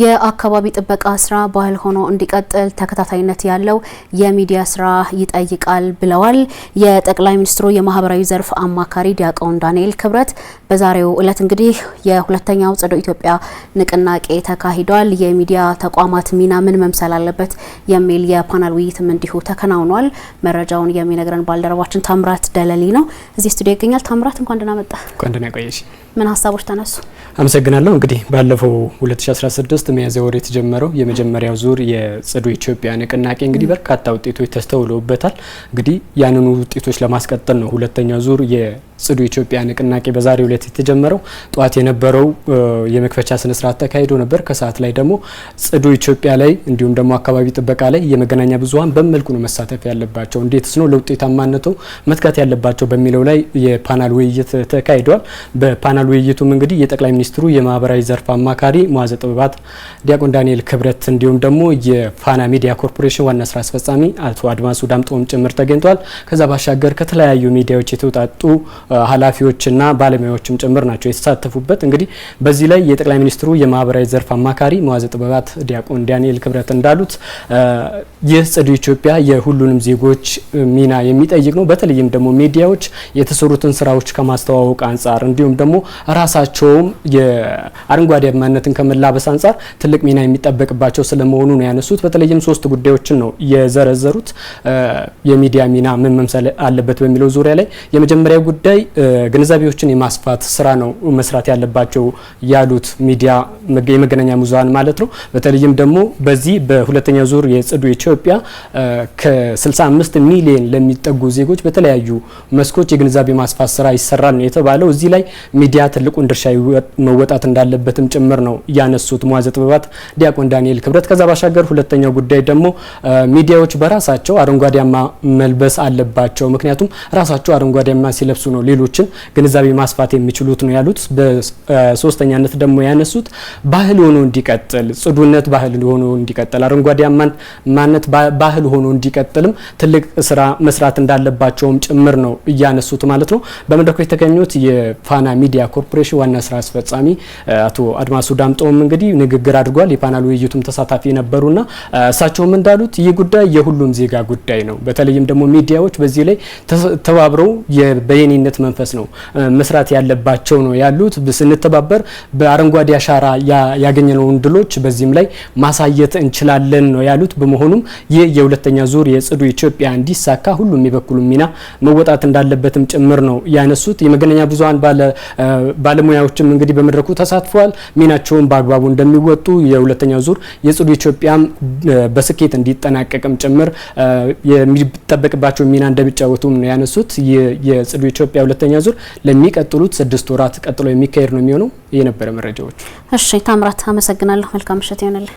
የአካባቢ ጥበቃ ስራ ባህል ሆኖ እንዲቀጥል ተከታታይነት ያለው የሚዲያ ስራ ይጠይቃል ብለዋል የጠቅላይ ሚኒስትሩ የማህበራዊ ዘርፍ አማካሪ ዲያቆን ዳንኤል ክብረት። በዛሬው እለት እንግዲህ የሁለተኛው ጽዱ ኢትዮጵያ ንቅናቄ ተካሂዷል። የሚዲያ ተቋማት ሚና ምን መምሰል አለበት የሚል የፓናል ውይይትም እንዲሁ ተከናውኗል። መረጃውን የሚነግረን ባልደረባችን ታምራት ደለሊ ነው፣ እዚህ ስቱዲዮ ይገኛል። ታምራት እንኳን ደህና መጣ። ምን ሀሳቦች ተነሱ? አመሰግናለሁ። እንግዲህ ባለፈው 2016 2016 ሚያዝያ ወር የተጀመረው የመጀመሪያው ዙር የጽዱ ኢትዮጵያ ንቅናቄ እንግዲህ በርካታ ውጤቶች ተስተውለውበታል። እንግዲህ ያንኑ ውጤቶች ለማስቀጠል ነው ሁለተኛው ዙር ጽዱ ኢትዮጵያ ንቅናቄ በዛሬው ዕለት የተጀመረው ጠዋት የነበረው የመክፈቻ ስነ ስርዓት ተካሂዶ ነበር። ከሰዓት ላይ ደግሞ ጽዱ ኢትዮጵያ ላይ እንዲሁም ደግሞ አካባቢ ጥበቃ ላይ የመገናኛ ብዙኃን በመልኩ ነው መሳተፍ ያለባቸው፣ እንዴትስ ነው ለውጤታማነቱ መትጋት ያለባቸው በሚለው ላይ የፓናል ውይይት ተካሂዷል። በፓናል ውይይቱም እንግዲህ የጠቅላይ ሚኒስትሩ የማህበራዊ ዘርፍ አማካሪ መዋዘ ጥበባት ዲያቆን ዳንኤል ክብረት እንዲሁም ደግሞ የፋና ሚዲያ ኮርፖሬሽን ዋና ስራ አስፈጻሚ አቶ አድማሱ ዳምጦም ጭምር ተገኝተዋል። ከዛ ባሻገር ከተለያዩ ሚዲያዎች የተውጣጡ ኃላፊዎችና ባለሙያዎችም ጭምር ናቸው የተሳተፉበት። እንግዲህ በዚህ ላይ የጠቅላይ ሚኒስትሩ የማህበራዊ ዘርፍ አማካሪ መዋዘ ጥበባት ዲያቆን ዳንኤል ክብረት እንዳሉት ይህ ጽዱ ኢትዮጵያ የሁሉንም ዜጎች ሚና የሚጠይቅ ነው። በተለይም ደግሞ ሚዲያዎች የተሰሩትን ስራዎች ከማስተዋወቅ አንጻር እንዲሁም ደግሞ ራሳቸውም የአረንጓዴ ከመላበስ አንጻር ትልቅ ሚና የሚጠበቅባቸው ስለመሆኑ ነው ያነሱት። በተለይም ሶስት ጉዳዮችን ነው የዘረዘሩት። የሚዲያ ሚና ምን መምሰል አለበት በሚለው ዙሪያ ላይ የመጀመሪያ ጉዳይ ጉዳይ ግንዛቤዎችን የማስፋት ስራ ነው መስራት ያለባቸው ያሉት ሚዲያ የመገናኛ ብዙኃን ማለት ነው። በተለይም ደግሞ በዚህ በሁለተኛ ዙር የጽዱ ኢትዮጵያ ከ65 ሚሊዮን ለሚጠጉ ዜጎች በተለያዩ መስኮች የግንዛቤ ማስፋት ስራ ይሰራል ነው የተባለው። እዚህ ላይ ሚዲያ ትልቁን ድርሻ መወጣት እንዳለበትም ጭምር ነው ያነሱት መዋዘ ጥበባት ዲያቆን ዳንኤል ክብረት። ከዛ ባሻገር ሁለተኛው ጉዳይ ደግሞ ሚዲያዎች በራሳቸው አረንጓዴያማ መልበስ አለባቸው። ምክንያቱም ራሳቸው አረንጓዴያማ ሲለብሱ ነው ሌሎችን ግንዛቤ ማስፋት የሚችሉት ነው ያሉት። በሶስተኛነት ደግሞ ያነሱት ባህል ሆኖ እንዲቀጥል፣ ጽዱነት ባህል ሆኖ እንዲቀጥል፣ ማነት ባህል ሆኖ እንዲቀጥልም ትልቅ ስራ መስራት እንዳለባቸውም ጭምር ነው እያነሱት ማለት ነው። በመድረኩ የተገኙት የፋና ሚዲያ ኮርፖሬሽን ዋና ስራ አስፈጻሚ አቶ አድማሱ ዳምጠውም እንግዲህ ንግግር አድርጓል። የፓናል ውይይቱም ተሳታፊ ነበሩና እሳቸውም እንዳሉት ይህ ጉዳይ የሁሉም ዜጋ ጉዳይ ነው። በተለይም ደግሞ ሚዲያዎች በዚህ ላይ ተባብረው የበየኔነት መንፈስ ነው መስራት ያለባቸው ነው ያሉት። ስንተባበር በአረንጓዴ አሻራ ያገኘነውን ድሎች በዚህም ላይ ማሳየት እንችላለን ነው ያሉት። በመሆኑም ይህ የሁለተኛ ዙር የጽዱ ኢትዮጵያ እንዲሳካ ሁሉም የበኩሉ ሚና መወጣት እንዳለበትም ጭምር ነው ያነሱት። የመገናኛ ብዙኃን ባለሙያዎችም እንግዲህ በመድረኩ ተሳትፈዋል። ሚናቸውን በአግባቡ እንደሚወጡ የሁለተኛ ዙር የጽዱ ኢትዮጵያም በስኬት እንዲጠናቀቅም ጭምር የሚጠበቅባቸው ሚና እንደሚጫወቱም ነው ያነሱት። የጽዱ ኢትዮጵያ ሁለተኛ ዙር ለሚቀጥሉት ስድስት ወራት ቀጥሎ የሚካሄድ ነው የሚሆነው። የነበረ መረጃዎቹ። እሺ ታምራት አመሰግናለሁ። መልካም ምሽት ይሆንልህ።